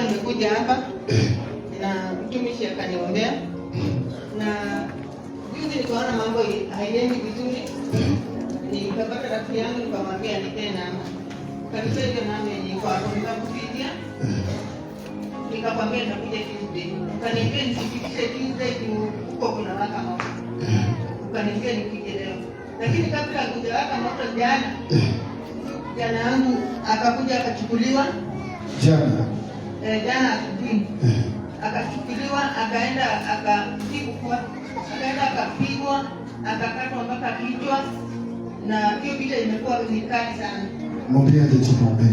nilikuwa nimekuja hapa eh. na mtumishi akaniombea, na juzi nikaona mambo haiendi vizuri, eh. nikapata rafiki yangu nikamwambia nikae na kabisa hiyo nami yenye iko hapo, eh. nikakwambia nakuja Tuesday, ukaniambia nisifikishe Tuesday huko kuna waka moto, ukaniambia nikuje leo, lakini kabla waka moto jana jana yangu akakuja akachukuliwa jana eh, jana asubuhi eh. akachukuliwa akaenda akatibu akaenda akapigwa akakatwa mpaka kichwa, na hiyo picha imekuwa ni kali sana. Mwambie aje tumwombe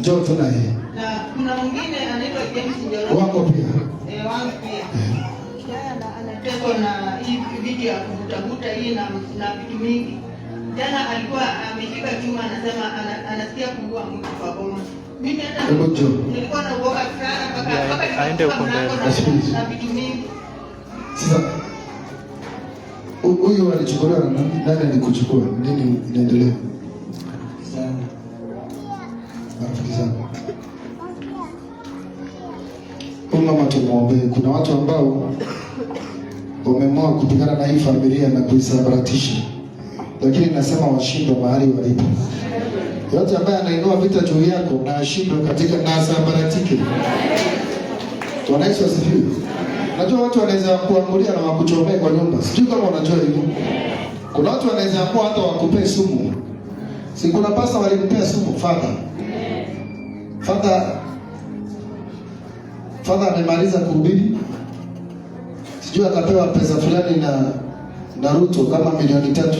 njoo tuna hii na kuna mwingine anaitwa James Njoro wako pia eh, wangu pia eh. anatekwa na hii video ya kuvutavuta hii na na vitu mingi. Jana alikuwa ameshika chuma, anasema anasikia kuua mtu kwa boma Hebu njoo. Nilikuwa naogopa sana mpaka mpaka aende huko mbele. Na vitu mingi. Sasa huyu alichukuliwa na nani? Nani alikuchukua? Nini inaendelea? mama tumuombe. Kuna watu ambao wameamua kupigana na hii familia na kuisambaratisha, lakini nasema washindwa mahali walipo. Yote ambaye anainua vita juu yako na ashindwe katika na asambaratike. Bwana Yesu asifiwe. Najua watu wanaweza kuangulia na wakuchomea kwa nyumba. Sijui kama unajua hivyo. Kuna watu wanaweza kuwa hata wakupee sumu. Si kuna pasta walimpea sumu fadha. Fadha fadha amemaliza kuhubiri. Sijui atapewa pesa fulani na na Ruto kama milioni tatu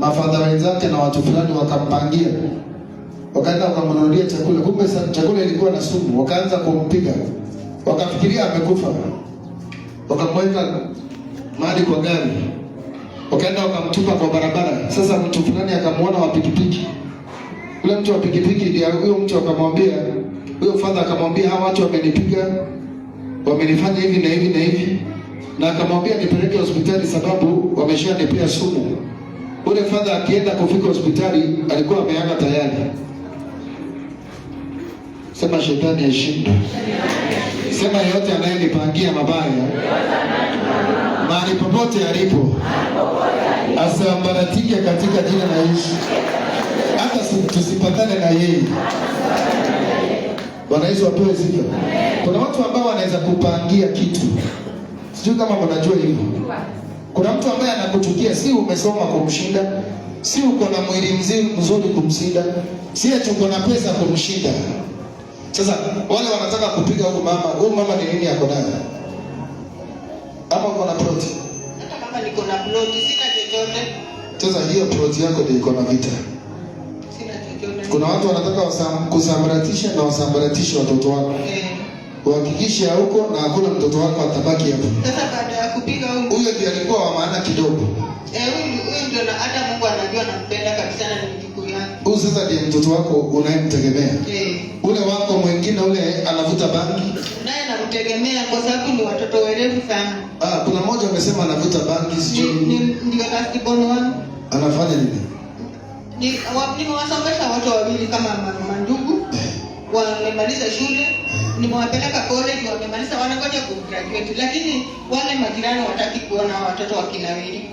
mafadha wenzake na watu fulani wakampangia, wakaenda wakamnunulia chakula, kumbe chakula ilikuwa na sumu. Wakaanza kumpiga, wakafikiria amekufa, wakamweka mahali kwa gari, wakaenda wakamtupa kwa barabara. Sasa mtu fulani akamwona wa pikipiki, ule mtu wa pikipiki ndiye huyo mtu, akamwambia huyo fadha, akamwambia hawa watu wamenipiga, wamenifanya hivi na hivi na hivi, na akamwambia nipeleke hospitali, sababu wameshanipea sumu ule fadha akienda kufika hospitali alikuwa ameaga tayari. Sema shetani ashinde. Sema yeyote anayenipangia mabaya mahali popote alipo asambaratike katika jina la Yesu, hata tusipatane na yeye. Bwana Yesu apewe sifa. Kuna watu ambao wanaweza kupangia kitu, sijui kama mnajua hivyo kuna mtu ambaye anakuchukia, si umesoma kumshinda, si uko na mwili mzuri kumshinda, si eti uko na pesa kumshinda. Sasa wale wanataka kupiga huyu mama, huyu mama ni nini yako nayo? Ama uko na plot? Hata kama niko na plot, sina chochote. Sasa hiyo plot yako ndio iko na vita. Sina chochote. Kuna watu wanataka wasam, kusambaratisha na wasambaratisha watoto wako. Okay. Eh. Uhakikishe huko na hakuna mtoto wako atabaki hapo. Sasa kumpiga huyu. Huyo ndiye alikuwa wa maana kidogo. Eh, huyu ndio na hata Mungu anajua nampenda kabisa na Huyu sasa ndiye mtoto wako unayemtegemea. Eh. Ule wako mwingine ule anavuta bangi. Naye namtegemea kwa sababu ni watoto werevu sana. Ah, kuna mmoja amesema anavuta bangi sijui. Ni ndio wangu. Anafanya nini? Ni, ni, ni, ni, ni, ni, ni, ni, ni, nimewapeleka college, wamemaliza wanangoja kugraduate, lakini wale majirani wataki kuona watoto wakinawiri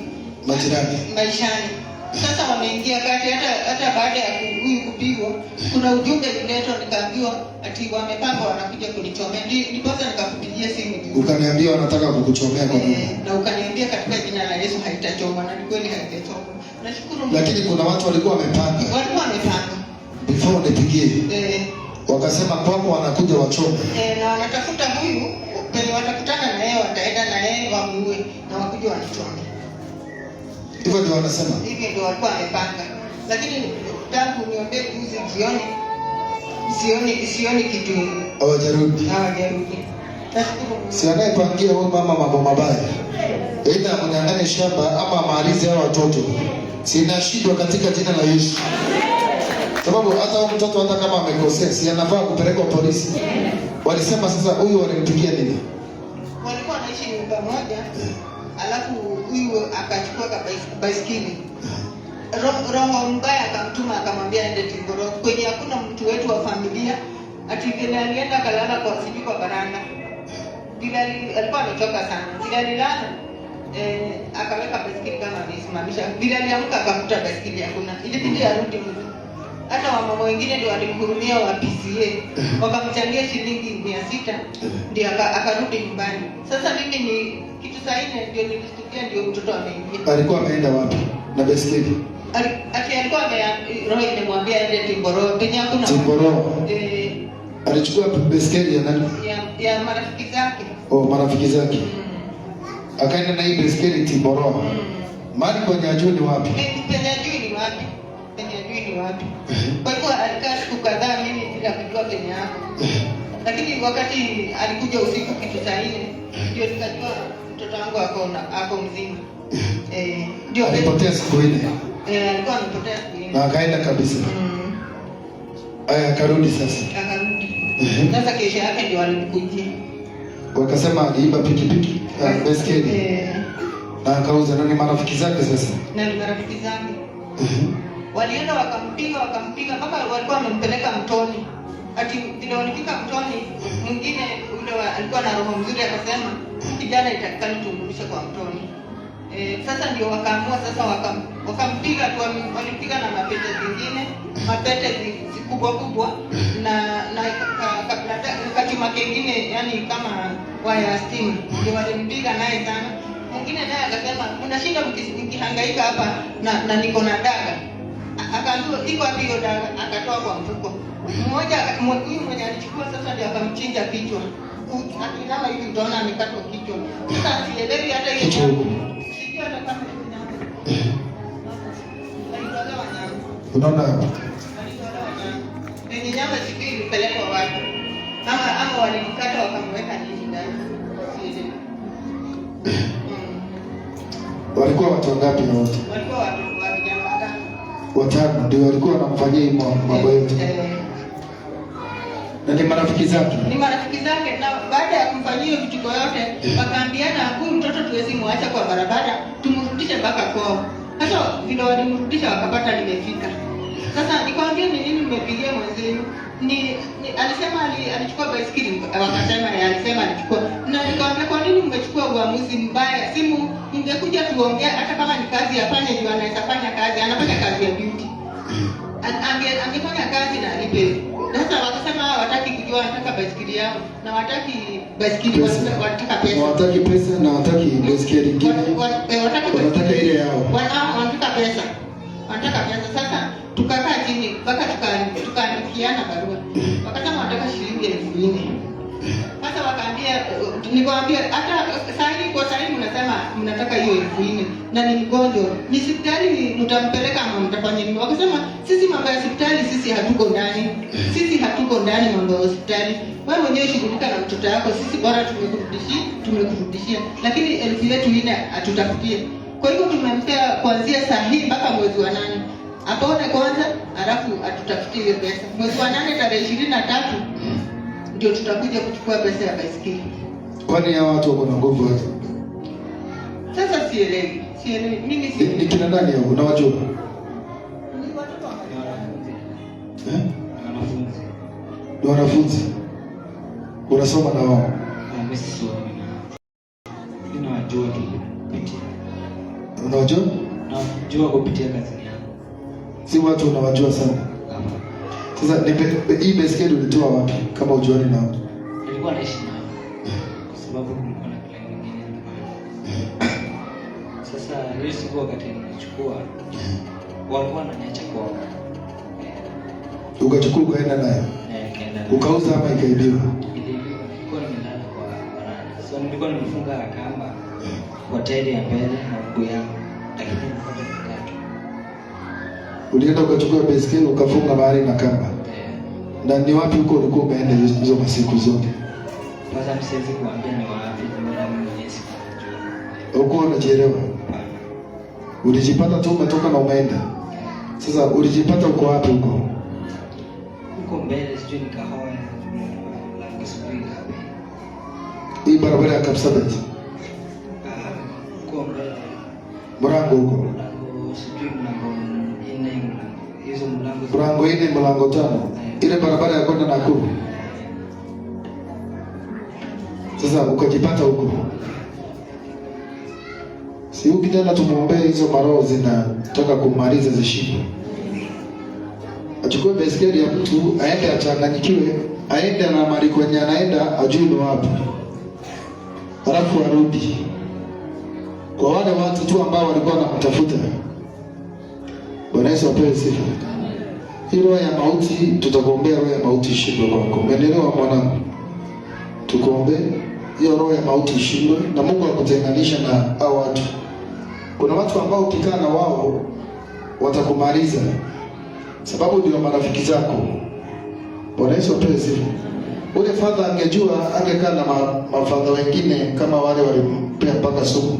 majirani maishani. Sasa wameingia kati, hata hata baada ya huyu kupigwa, kuna ujumbe uletwa, nikaambiwa ati wamepanga wanakuja kunichomea. Ndiposa nikakupigia simu, ukaniambia wanataka kukuchomea kwa nini, eh, na ukaniambia katika jina la Yesu haitachoma, na kweli haitachoma. Nashukuru, lakini kuna watu walikuwa wamepanga, walikuwa wamepanga before nipigie eh wakasema kwako wanakuja wachome. e, na wanatafuta huyu penye watakutana na yeye, wataenda na yeye wamuue na wakuja wanichome. Hivyo ndio wanasema, hivi ndio walikuwa wamepanga, lakini tangu niombe juzi jioni sioni sioni kitu, hawajarudi hawajarudi. Si anayepangia huyu mama mambo mabaya, aidha amnyang'anye shamba ama maarizi hao watoto, sinashindwa katika jina la Yesu sababu hata mtoto hata kama amekosea, si anafaa kupelekwa polisi? Yeah. Walisema sasa, huyu walimpigia nini? Walikuwa wanaishi pamoja yeah. Alafu huyu akachukua baiskeli eh. roho mbaya akamtuma akamwambia aende Tingoro kwenye hakuna mtu wetu wa familia, ati vile alienda kalala kwa sijui kwa baranda. Eh. Vile alikuwa amechoka sana, vile alilala eh, akaweka baiskeli kama amesimamisha, vile aliamka akakuta baiskeli hakuna, ilibidi arudi mtu hata wamama wengine ndio walimhurumia wa PCA eh. wakamchangia shilingi mia sita eh. ndio akarudi nyumbani. Sasa mimi ni kitu saa nne ndio nilisikia ndio mtoto ameingia. Alikuwa ameenda wapi na baiskeli? Ati alikuwa roho imemwambia Timboro penye hakuna Timboro. Eh, alichukua baiskeli ya nani? Ya, ya marafiki zake. Oh, marafiki zake. Mm. Akaenda na hii baiskeli Timboro. Mm. Mali kwenye wapi? Eh, wapi? ni wapi. Eh. Kwa hivyo alikaa siku kadhaa mimi bila kujua kenye hapo, eh. lakini wakati alikuja usiku kitu saa nne eh. ndio nikajua mtoto wangu ako ako mzima. Eh, ndio alipotea siku nne. Eh, alikuwa amepotea siku nne na akaenda kabisa. Mm. Aya, akarudi sasa. Akarudi. Sasa kesho yake ndio alikujia. Wakasema aliiba pikipiki ah, baiskeli. Eh. Na akauza nani marafiki zake sasa? Na marafiki zake walienda wakampiga wakampiga mpaka walikuwa wamempeleka mtoni. Ati vile walifika mtoni, mwingine ule alikuwa na roho mzuri akasema kijana itakikani tumrudishe kwa mtoni. E, sasa ndio wakaamua sasa wakam, wakampiga tu, walipiga na mapete zingine mapete zi, kubwa na na kachuma kengine, yani kama waya ya stima ndio walimpiga naye sana. Mwingine naye akasema mnashinda mkihangaika hapa na, na niko na daga akaambiwa iko hapo hiyo dawa, akatoa kwa mfuko mmoja. Huyu mwenye alichukua sasa ndio akamchinja kichwa, akilala hivi mtaona amekatwa kichwa. Sasa sielewi hata hiyo sijui hata kama unaona hapa ni nyama, sijui ilipelekwa wapi kama ama walimkata wakamweka nini ndani walikuwa watu wangapi wote? Walikuwa watu watano ndio walikuwa wanamfanyia mambo yote eh, eh. na ni marafiki zake, ni marafiki zake. Na baada ya kumfanyia vituko yote, eh. wakaambiana yeah. huyu mtoto tuwezi muacha kwa barabara, tumrudishe mpaka kwao. Sasa vile walimrudisha wakapata limefika. Sasa nikwambia ni nini mmepigia mwenzenu ni, ni alisema ali, alichukua baiskeli wakasema yeah. alisema alichukua, na nikamwambia kwa nini mmechukua uamuzi mbaya? Simu mngekuja tuongea, hata kama ni kazi afanye, ndio anaweza fanya kazi, anafanya aliyeduty ange- angefanya kazi na alipe. Sasa wakasema hawataki kujua, wanataka baiskeli yao na wataki baiskeli, wanataka pesa, hawataki pesa na wataki baiskeli nyingine, eh, wanataka ile yao, ah, wanataka pesa, wanataka pesa. Sasa tukakaa chini mpaka tukaandikiana barua, wakasema wanataka shilingi elfu nne. Sasa wakaambia, eh, nikawaambia hata eh, sahii, kwa sahii mnasema mnataka hiyo elfu nne na ni mgonjwa, ni hospitali mtampeleka ama mtafanya nini? Wakasema sisi mambo ya hospitali sisi hatuko ndani, sisi hatuko ndani mambo ya hospitali, wewe mwenyewe shughulika na mtoto wako, sisi bora tumekurudishia, tumekurudishia, lakini elfu yetu ile atutafutie Kwa hivyo tumempea kuanzia saa hii mpaka mwezi wa nane apone kwanza, alafu atutafutie hiyo pesa. Mwezi wa nane tarehe ishirini na tatu ndio tutakuja kuchukua pesa ya baiskeli. Kwani ya watu wako na nguvu? Sasa sielewi sielewi mimi si ni kina nani hao unawajua? Ni watoto eh? Wanafunzi. wanafunzi. Unasoma na wao? Ah, Unawajua? kupitia kazi yangu. Si watu unawajua sana. Sasa hii baiskeli ulitoa wapi kama ujuani nao? Nilikuwa naishi nao. Eh. Kwa sababu kulikuwa na kile kingine. Eh. Sasa ile siku wakati nimechukua mm-hmm. walikuwa wananiacha kuoga, ukachukua ukaenda nayo ukauza ama ikaibiwa? Nilikuwa nimelala kwa baranda, so nilikuwa nimefunga kamba mm-hmm. kwa tairi ya mbele na mguu yangu, lakini ulienda ukachukua baiskeli ukafunga mahali na kamba. Na ni wapi huko ulikuwa umeenda hizo masiku zote? kwanza msiwezi kuambia ni wapi, maana mimi siku. Uko unajielewa? Ulijipata tu umetoka na umeenda. Sasa ulijipata uko wapi huko? Huko mbele sijui nikahawa na sijui ngapi. Hii barabara ya Kapsabet. Ah, huko mbele. Mlango huko. Sijui mlango nne hizo mlango. Mlango nne mlango tano. Eh. Ile barabara ya kwenda Nakuru. Eh. Sasa ukajipata huko. Si huki tena tumwombee hizo maroho zinataka kumaliza zishindwe. Achukue baiskeli ya mtu aende achanganyikiwe, aende na mali kwenye anaenda ajui ni wapi. Halafu arudi. Kwa wale watu tu ambao walikuwa wanamtafuta. Bwana Yesu apewe sifa. Hii roho ya mauti tutakuombea roho ya mauti ishindwe kwako. Umeelewa mwanangu? Tukuombee hiyo roho ya mauti ishindwe na Mungu akutenganisha na hao watu. Kuna watu ambao ukikaa na wao watakumaliza, sababu ndio marafiki zako. Bwana Yesu apewe sifa. Ule fadha angejua, angekaa na mafadha wengine kama wale walimpea mpaka sumu.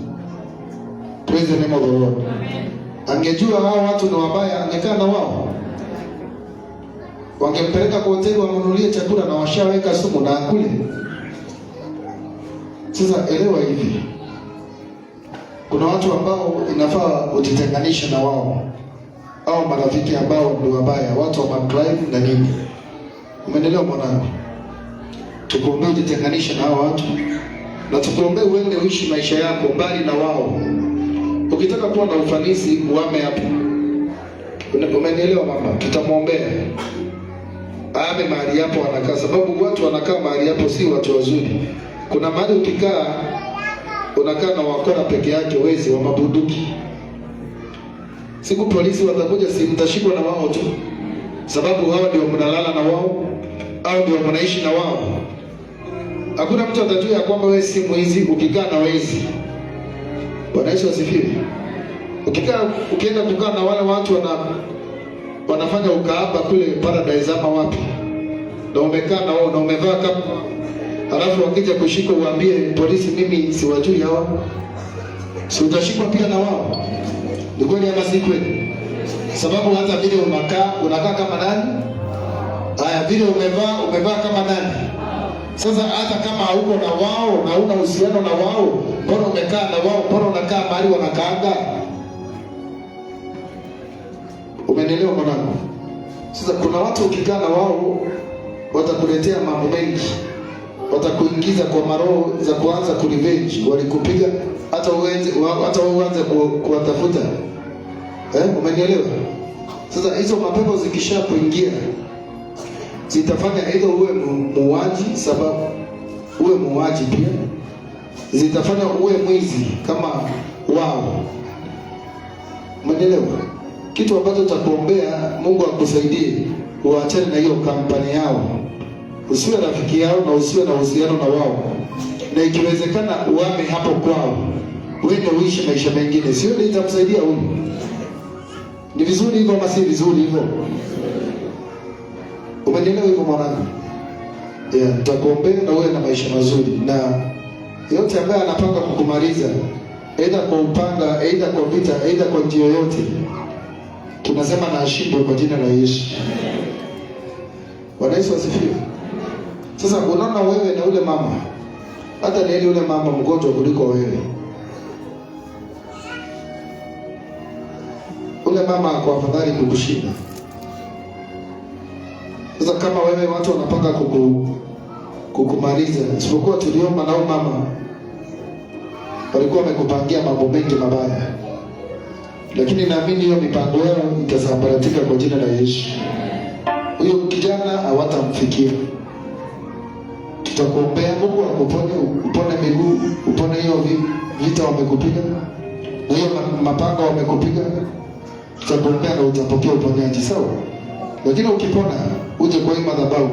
Praise the name of the Lord. Angejua hao watu ni wabaya, angekaa na wao wangempeleka kwa hoteli wamnunulie chakula na washaweka sumu na akule. Sasa elewa hivi kuna watu ambao inafaa ujitenganishe na wao, au marafiki ambao ni wabaya, watu wa maklaim na nini. Umeendelea mwanangu? Tukuombee ujitenganishe na hao watu, na tukuombee uende uishi maisha yako mbali na wao. Ukitaka kuwa na ufanisi, uame hapo. Umenielewa mama? Tutamwombea ame mahali hapo anakaa, sababu watu wanakaa mahali hapo si watu wazuri. Kuna mahali ukikaa unakaa na wakora peke yake, wezi wa mabunduki. Siku polisi watakuja, si mtashikwa na wao tu, sababu hawa ndio mnalala na wao au ndio mnaishi na wao. Hakuna mtu atajua ya kwamba wewe si mwizi ukikaa na wezi. Bwana Yesu asifiwe. Ukikaa ukienda kukaa na wale watu wana wanafanya ukaaba kule paradise ama wapi, na umekaa na wao na umevaa kama alafu wakija kushikwa uambie polisi, mimi siwajui hawa, si utashikwa pia na wao? Ni kweli ama si kweli? Sababu hata vile unakaa unakaa kama nani, haya vile umevaa umevaa kama nani. Sasa hata kama hauko na wao na una uhusiano na wao, mbona umekaa na wao? Mbona unakaa mahali wanakaanga? Umenielewa mwanangu? Sasa kuna watu ukikaa na wao watakuletea mambo mengi watakuingiza kwa maroho za kuanza kurevenge, walikupiga hata uanze hata uanze kuwatafuta eh, umenielewa? Sasa hizo mapepo zikishakuingia zitafanya either uwe muuaji, sababu uwe muuaji pia, zitafanya uwe mwizi kama wao, umenielewa? Kitu ambacho takuombea Mungu akusaidie uachane na hiyo kampani yao usiwe rafiki yao na usiwe na uhusiano na wao, na ikiwezekana uame hapo kwao, uende uishi maisha mengine. Sio ndio itamsaidia huyu? Ni vizuri hivyo ama si vizuri hivyo? Umenielewa hivyo mwanangu? Yeah, tutakuombea na uwe na maisha mazuri, na yote ambaye anapanga kukumaliza, aidha kwa upanga, aidha kwa vita, aidha kwa njia yoyote, tunasema na ashindwe kwa jina la Yesu. Bwana Yesu asifiwe. Sasa unaona wewe na ule mama, hata ni yule mama mgonjwa kuliko wewe. Ule mama kwa afadhali kukushinda. Sasa kama wewe watu wanapanga kuku, kukumaliza, isipokuwa tuliomba nao mama walikuwa wamekupangia mambo mengi mabaya, lakini naamini hiyo mipango yao itasambaratika kwa jina la Yesu. Huyo kijana hawatamfikia tutakuombea Mungu akuponye upone miguu, upone hiyo vita wamekupiga na hiyo mapanga wamekupiga, tutakuombea na utapokea uponyaji, sawa. Lakini ukipona uje kwa hii madhabahu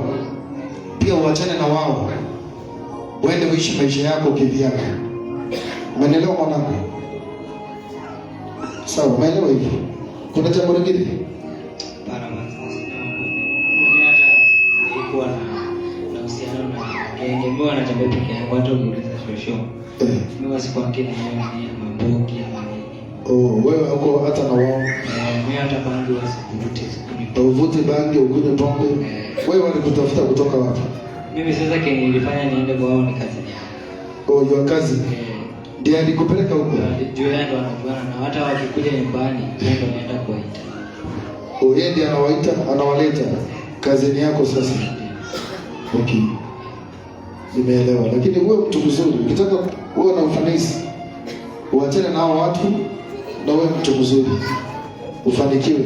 pia, uachane na wao, uende uishi maisha yako kivyako. Umeelewa mwanangu? Sawa, umeelewa hivyo. Kuna jambo lingine natembea peke yake, watu waniuliza shosho. Eh. Mimi kwa siku wengine ni mamboki ama nini. Oh, wewe uko hata na wao. Eh, mimi hata bangi wasivuti siku. Uvute bangi ukunywe pombe. Eh. Wewe walikutafuta kutoka wapi? Mimi sasa kile nilifanya niende kwao ni kazi yangu. Oh, hiyo kazi. Ndiye alikupeleka huko. Ndio yeye ndo anapana na hata wakikuja nyumbani yeye ndo anaenda kuwaita. Oh, yeye ndiye anawaita, anawaleta. Kazini yako sasa. Okay nimeelewa. Lakini huyo mtu mzuri, ukitaka uwe na ufanisi, uachane na hao watu na uwe mtu mzuri, ufanikiwe.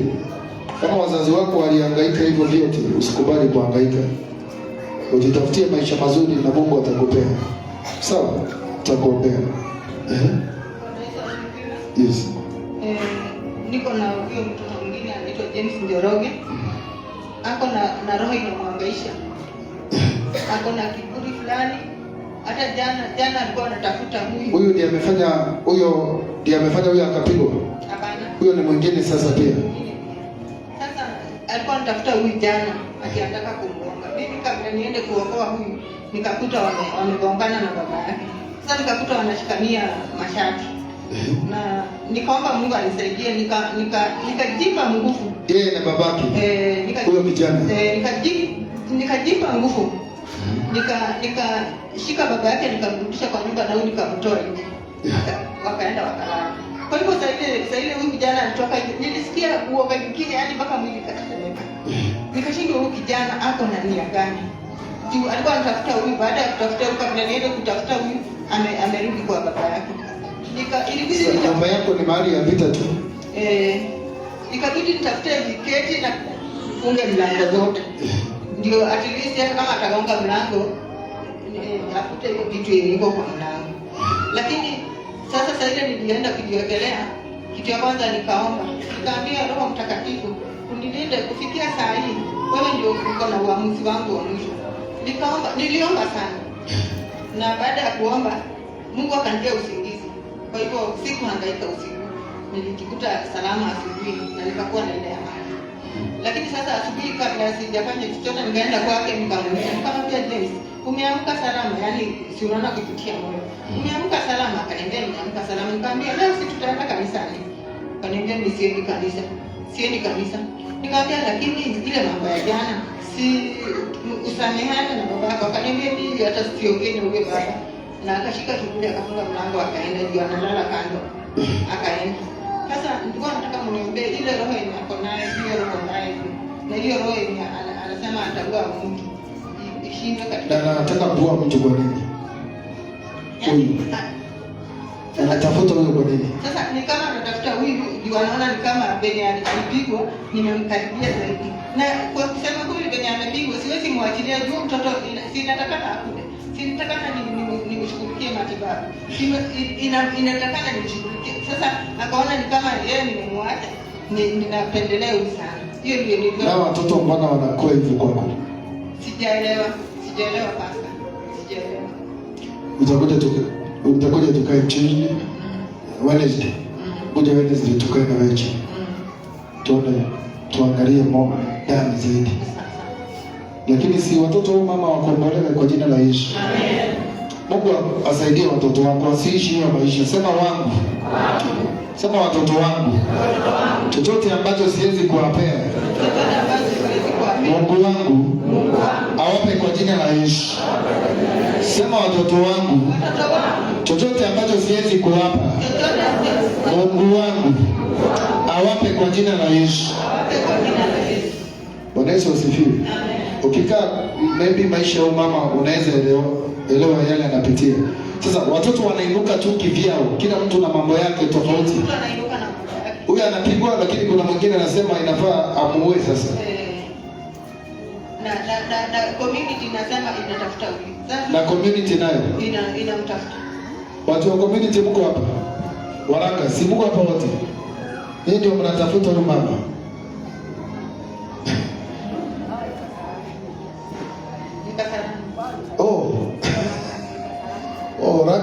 Kama wazazi wako walihangaika hivyo vyote, usikubali kuhangaika, ujitafutie maisha mazuri na Mungu atakupea. Sawa, atakupea eh? Yes. Eh, niko na huyo mtoto mwingine anaitwa James Njoroge, mm. ako na na roho inamwangaisha, eh. ako na kibu fulani. Hata jana jana alikuwa anatafuta huyu huyu, ndiye amefanya huyo, ndiye amefanya huyo akapigwa. Hapana, huyo ni mwingine. Sasa pia sasa alikuwa anatafuta huyu jana, akianataka kumgonga mimi. Kabla niende kuokoa huyu, nikakuta wamegongana wame na baba yake. Sasa nikakuta wanashikania mashati eh? na nikaomba Mungu anisaidie, nika nikajipa nika nguvu yeye na babake eh, nikajipa, huyo kijana eh, nikajipa, nikajipa nguvu nikashika nika, baba yake nikamrudisha kwa nyumba na huyu nikamtoa nje, wakaenda wakalala. Kwa hivyo saa ile huyu kijana alitoka, nilisikia uoga nyingine, yaani mpaka mwili katetemeka. Nikashindwa huyu kijana ako na nia gani? Juu alikuwa anatafuta huyu, baada ya kutafuta huyu, kabla niende kutafuta huyu, amerudi kwa baba yake. Nika ilibidi baba yako ni mahali ya vita tu eh, nikabidi nitafute viketi na kufunga milango zote ndio at least hata kama atagonga mlango eh, afute vitu yenye iko kwa mlango. Lakini sasa ile nilienda kujiwekelea, kitu ya kwanza nikaomba, nikaambia Roho Mtakatifu unilinde kufikia saa hii, wewe ndio uko na uamuzi wangu wa mwisho. Nikaomba, niliomba sana, na baada ya kuomba Mungu akanipa usingizi. Kwa hivyo sikuhangaika usiku, nilijikuta salama asubuhi na nikakuwa naendea lakini sasa asubuhi, kabla sijafanya chochote, nikaenda kwake nikamwambia, nikamwambia James, umeamka salama? yani si unaona kupitia moyo, hmm. umeamka salama? Akaniambia nimeamka salama. Nikamwambia leo si tutaenda kanisani? Akaniambia ni siendi kanisa, siendi kanisa. Nikamwambia lakini ile mambo ya jana, si usamehane na baba yako Akaniambia ni hata siongee na yule baba, na akashika kiburi akafunga mlango akaenda juu, analala kando, akaenda sasa nilikuwa nataka mniombe ile roho yenye ako naye, hiyo roho naye, na hiyo roho yenye anasema atagua mtu ishindwe katika, na nataka kuua mtu kwa nini? Eh? Huyu anatafuta huyo kwa nini? Sasa ni kama anatafuta huyu juu anaona ni kama venye alipigwa, nimemkaribia zaidi, na kwa kusema huyu venye amepigwa siwezi mwachilia juu mtoto, sinataka akule, sinataka na nini nishughulikie matibabu, inatakana nishughulikie. Sasa akaona ni kama yeye nimemwacha, ninapendelea huyu sana. Hiyo ndio nilivyo. Na watoto mbona wanakoa hivi kwako? Sijaelewa, sijaelewa pasta, sijaelewa. Utakuja tuka, utakuja tukae chini eh, Wednesday, mm-hmm. kuja Wednesday tukae na wewe chini, mm-hmm. tuone tuangalie mama ndani zaidi, lakini si watoto, mama wakombolewe kwa jina la Yesu, amen. Mungu asaidie watoto wangu wasiishi hiyo maisha. Sema wangu, sema watoto wangu, chochote ambacho siwezi kuwapea Mungu wangu awape kwa jina la Yesu. Sema watoto wangu, chochote ambacho siwezi kuwapa Mungu wangu awape kwa jina la Yesu. Bwana Yesu asifiwe ukikaa maybe maisha ya mama unaweza elewa, elewa yale anapitia. Sasa watoto wanainuka tu kivyao, kila mtu na mambo yake tofauti. Huyu anapigwa, lakini kuna mwingine anasema inafaa amuue sasa eh, na na na community inatafuta na community nayo ina inamtafuta. Watu wa community mko hapa? Waraka, si mko hapa wote? ndio mnatafuta huyu mama.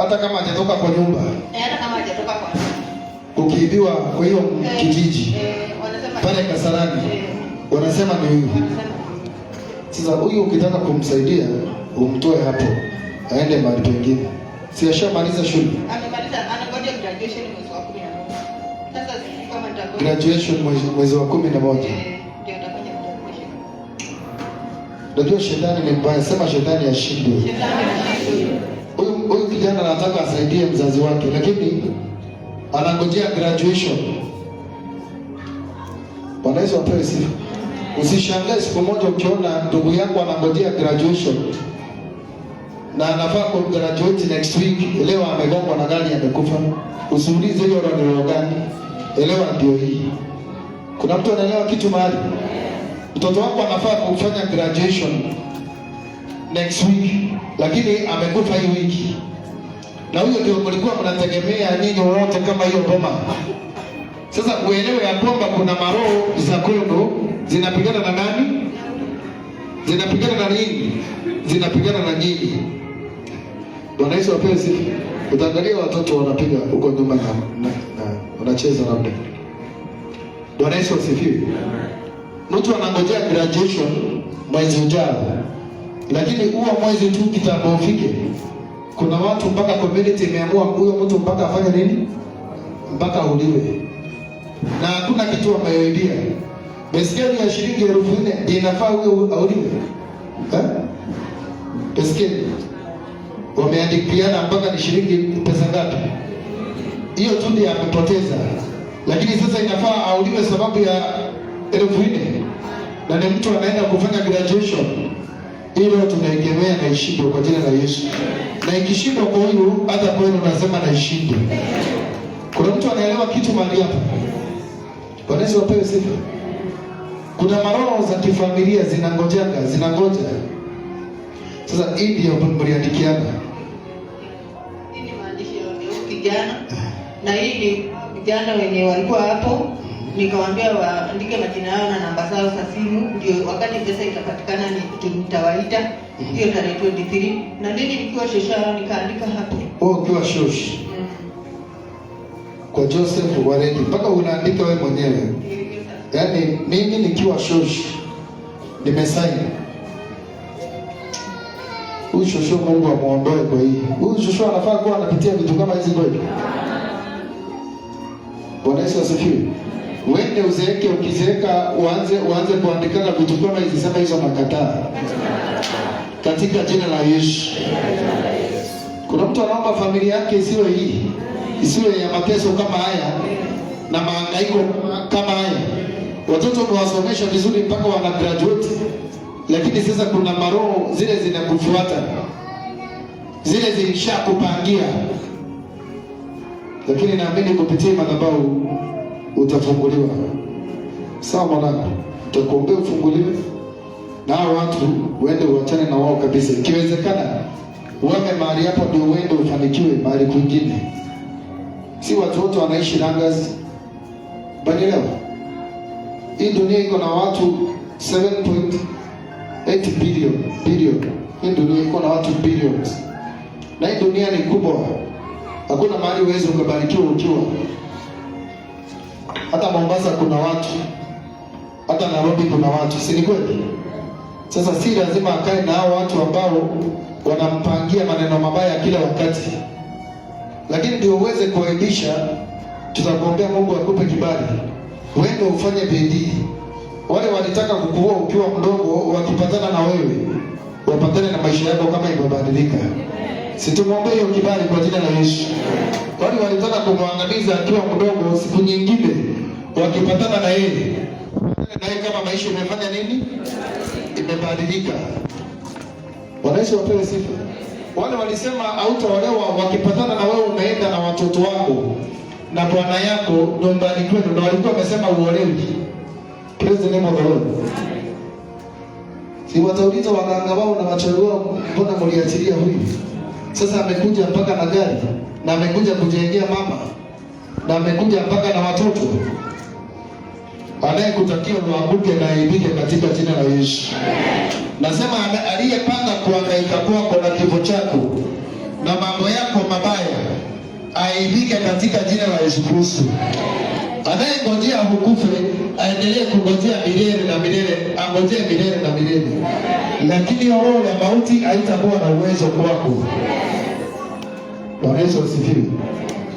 hata kama hajatoka kwa nyumba eh, hata kama hajatoka kwa nyumba, ukiibiwa kwa hiyo eh, eh kijiji eh, wanasema pale Kasarani eh, wanasema ni huyu. Sasa huyu ukitaka kumsaidia umtoe hapo aende mahali pengine, si ashamaliza shule? Amemaliza, anangoja graduation mwezi wa 10 na 11. Sasa sisi kama tutakuwa graduation mwezi wa 11 eh, ndio Ndio, shetani ni mbaya, sema shetani ashinde. ashindwe. Huyu kijana anataka asaidie mzazi wake, lakini anangojea graduation. Bwana Yesu apewe sifa. Usishangae siku moja ukiona ndugu yako anangojea graduation na anafaa ku graduate next week, leo amegongwa na gari, amekufa. Usiulize hiyo roho gani, elewa ndio hii. Kuna mtu anaelewa kitu mahali? Mtoto wako anafaa kufanya graduation next week, lakini amekufa hii wiki na huyo ndio mlikuwa mnategemea nyinyi wote kama hiyo ngoma. Sasa uelewe ya kwamba kuna maroho za kwenu zinapigana na nani? Zinapigana na nini? Zinapigana na nyinyi. Bwana Yesu apesi, utaangalia watoto wanapiga huko nyuma na, na, na wanacheza labda. Bwana Yesu asifiwe. Mtu anangojea graduation mwezi ujao, lakini huo mwezi tu kitambo kuna watu mpaka community imeamua huyo mtu mpaka afanye nini, mpaka auliwe na hakuna kitu ameyoidia. beskeli ya shilingi elfu nne inafaa huyo auliwe eh? Beskeli wameandikiana mpaka ni shilingi pesa ngapi? Hiyo tu ndiyo amepoteza, lakini sasa inafaa auliwe sababu ya elfu nne na ni mtu anaenda kufanya graduation hilo tunaegemea na ishindwe kwa jina la Yesu, na ikishindwa kwa huyu, hata kwa huyu unasema na ishindwe. Kuna mtu anaelewa kitu mahali hapa? Bwana Yesu apewe sifa. Kuna maroho za kifamilia zinangojanga, zinangoja. Sasa hii ndio mliandikiana na hii ni vijana wenye walikuwa hapo nikawaambia waandike majina yao na namba zao za simu, ndio wakati pesa itapatikana nitawaita mm-hmm. hiyo tarehe 23 na nini, nikiwa shosha nikaandika hapo. Oh, ukiwa shosh mm. kwa Joseph Waredi mpaka unaandika wewe mwenyewe yaani, mimi nikiwa shosh nimesaini huyu shosho, Mungu amuondoe. Kwa hii huyu shosho anafaa kuwa anapitia vitu kama hizi kweli. Bwana Yesu asifiwe wende uzeeke, ukizeeka uanze uanze kuandika na vitu kama hizi, sema hizo nakataa katika jina la Yesu. Kuna mtu anaomba familia yake isiwe hii, isiwe ya mateso kama haya na mahangaiko kama haya. Watoto mwasomesha vizuri mpaka wana graduate, lakini sasa kuna maroho zile zinakufuata, zile zilishakupangia, lakini naamini kupitia madhabahu utafunguliwa. Sawa mwanangu, utakuombea ufunguliwe, na hao watu uende uachane na wao kabisa. Ikiwezekana uame mahali hapo, ndio uende ufanikiwe mahali kwingine. Si watu wote wanaishi Langas, banielewa. Hii dunia iko na watu 7.8 billion billion. Hii dunia iko na watu billions, na hii dunia ni kubwa, hakuna mahali uwezi ukabarikiwa ukiwa hata Mombasa kuna watu, hata Nairobi kuna watu, si ni kweli? Sasa si lazima akae na hao watu ambao wanampangia maneno mabaya kila wakati, lakini ndio uweze kuaibisha. Tutakuombea Mungu akupe kibali, wende ufanye bidii. Wale walitaka kukuua ukiwa mdogo, wakipatana na wewe wapatane na maisha yako kama ilivyobadilika. Situmwombee hiyo kibali kwa jina la Yesu. Wale walitaka kumwangamiza akiwa mdogo, siku nyingine wakipatana na yeye naye, kama maisha imefanya nini, imebadilika. Wanaishi wapewe sifa. Wale walisema hautaolewa, wakipatana na wewe umeenda na watoto wako na bwana yako nyumbani kwenu, na walikuwa wamesema uolewi. Praise the name of the Lord. Si watauliza waganga wao na wachawi wao, mbona mliachilia huyu? Sasa amekuja mpaka na gari na amekuja kujengea mama na amekuja mpaka na watoto anayekutakia uanguke na aibike katika jina la Yesu. Nasema aliyepanga kuangaika kwako na kifo chako na mambo yako mabaya aibike katika jina la Yesu Kristo. Anayengojea hukufe aendelee kungojea milele na milele, angojee milele na milele, lakini roho ya mauti haitakuwa na uwezo kwako. Bwana Yesu asifiwe.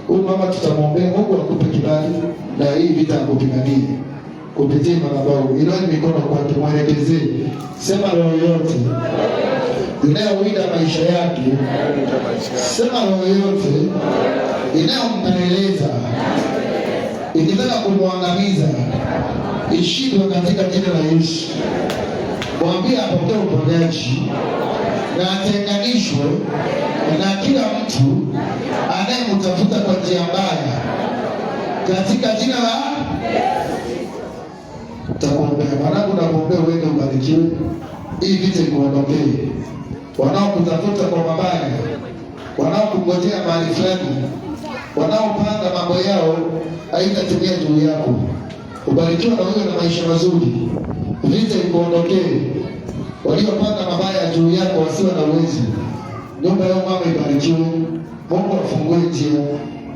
Huyu mama tutamwombea, Mungu akupe kibali na hii vita akupiganie kupitia madhabahu. Inua mikono kwake, mwelekezee, sema roho yote inayowinda maisha yake, sema roho yote inayomteleleza ikitaka kumwangamiza ishindwe katika jina la Yesu. Mwambie apokee uponyaji na atenganishwe na kila mtu anayemtafuta kwa njia mbaya katika jina la Takuombea mwanangu, nakuombea uende ubarikiwe, hii vita ikuondokee. Wanaokutafuta kwa mabaya, wanaokungojea mahali fulani, wanaopanga mambo yao haitatumia juu yako. Ubarikiwa na wewe na maisha mazuri, vita ikuondokee. Waliopanga mabaya juu yako wasiwe na uwezi Nyumba yao mama ibarikiwe, Mungu afungue njia,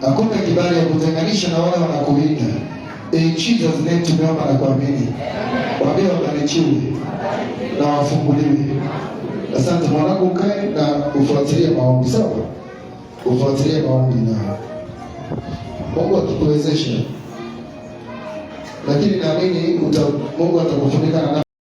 akupe kibali ya kutenganisha na wale wanakulinda Eh, In Jesus name tumeomba na kuamini. Wambie wabarikiwe na wafunguliwe. Asante mwanangu, ukae na ufuatilie maombi sawa, ufuatilie maombi na Mungu akikuwezesha, lakini naamini Mungu atakufunika na